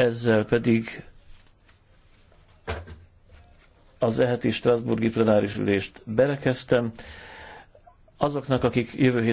ezzel pedig az eheti Strasburgi plenáris ülést berekeztem. Azoknak, akik jövő